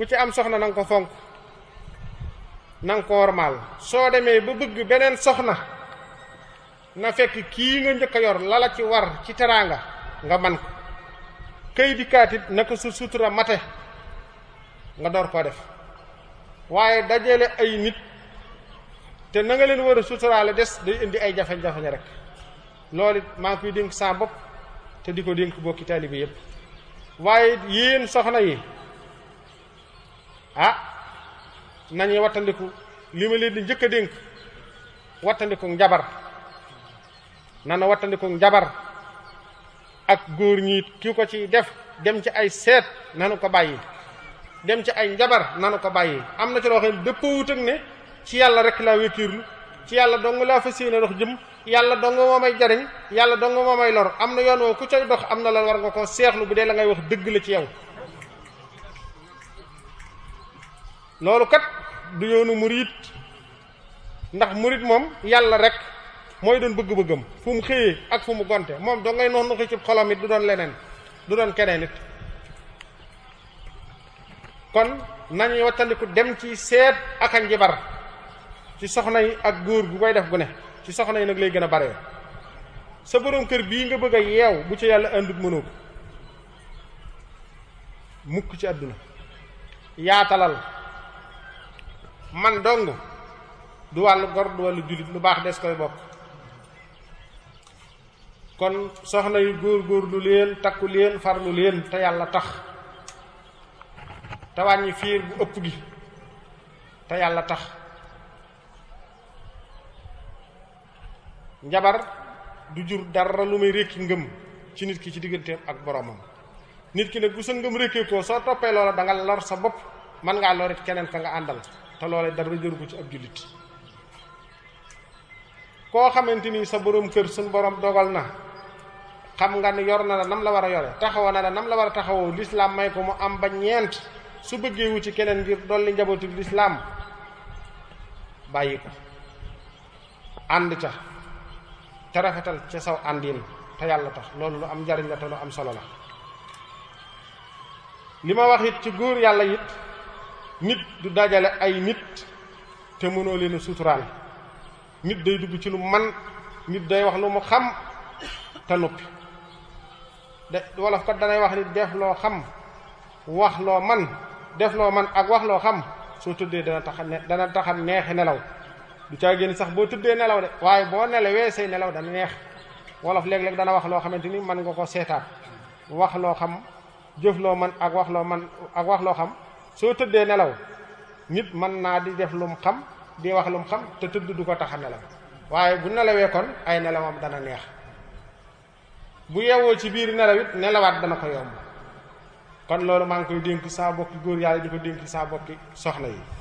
ku ci am soxna nang ko fonk nang ko wormaal so demé ba bëgg benen soxna na fekk ki nga ñëk yor la la ci war ci teranga nga man kay kay dikkaatit naka su sutura mate nga dor ko def waye dajélé ay nit té na nga leen war sutura la dess day indi ay jafé jafé rek lolit ma fi dink sa bop té diko dink bokki talibé yépp waye yeen soxna yi ah nañuy wattandiku li ma leen di njëkk a dénk wattandiku njabar nana wattandiku njabar ak góor ñi ki ko ci def dem ci ay seet nanu ko bàyyi dem ci ay njabar nanu ko bàyyi am na ci loo xam ne dëppoo wut ak ne ci yàlla rek laa wékkiirlu ci yàlla dong laa fas yéene dox jëm yàlla dong moo may jariñ yàlla dong moo may lor am na yoon woo ku cay dox am na la war nga ko seexlu bu dee la ngay wax dëgg la ci yow loolu kat du yoonu muriit ndax murit moom yàlla rek mooy doon bëgg-bëggam fu mu xëyee ak fu mu gonte moom doo ngay nox nuxi ci xolam it du doon leneen du doon keneen it kon nañuy wattandiku dem ci seet ak a njibar ci soxna yi ak góor gu koy def gu ne ci soxna yi nag lay gën a bare sa borom kër bii nga bëgg a yeew bu ci yàlla àndut mënoo ko mukk ci àdduna yaatalal man dong du wàllu gor du wàllu jullit lu baax des koy bokk kon soxna yu góor góorlu leen takku leen farlu leen te yàlla tax te wàññi fiir bu ëpp gi te yàlla tax njabar du jur dara lu muy rékki ngëm ci nit ki ci digganteem ak boromam nit ki nag bu sa ngëm rékkee ko soo toppee loola danga nga lor sa bopp mën ngaa lorit keneen ka nga àndal te loolee dara jëru ko ci ab jullit koo xamante ni sa boroom kër suñ borom dogal na xam nga ne yor na la nam la war a yore taxawoo na la nam la war a taxawoo lislaam may ko mu am ba ñeent su bëggee wu ci keneen ngir dolli njabootu lislaam bàyyi ko ànd ca te rafetal ca saw àndiin te yàlla tax loolu lu am njariñ la te lu am solo la li ma wax ci góor yàlla yit nit du dajale ay nit te mënoo leen a nit day dugg ci lu man nit day wax lu mu xam te noppi de wolof ko danay wax ni def loo xam wax loo man def loo man ak wax loo xam soo tëddee dana tax neex dana tax neex nelaw du caa génn sax boo tëddee nelaw de waaye boo nelawee say nelaw dana neex wolof léeg-léeg dana wax loo xamante ni mën nga ko seetaan wax loo xam jëf man ak wax loo man ak wax loo xam soo tëddee nelaw nit mën naa di def lum xam di wax lum xam te tëdd du ko tax a nelaw waaye bu nelawee kon ay nelawam dana neex bu yeewoo ci biir nelaw it nelawaat dana ko yomb kon loolu maa ngi koy dénk saa bokki góor yàlla di ko dénk saa bokki soxna yi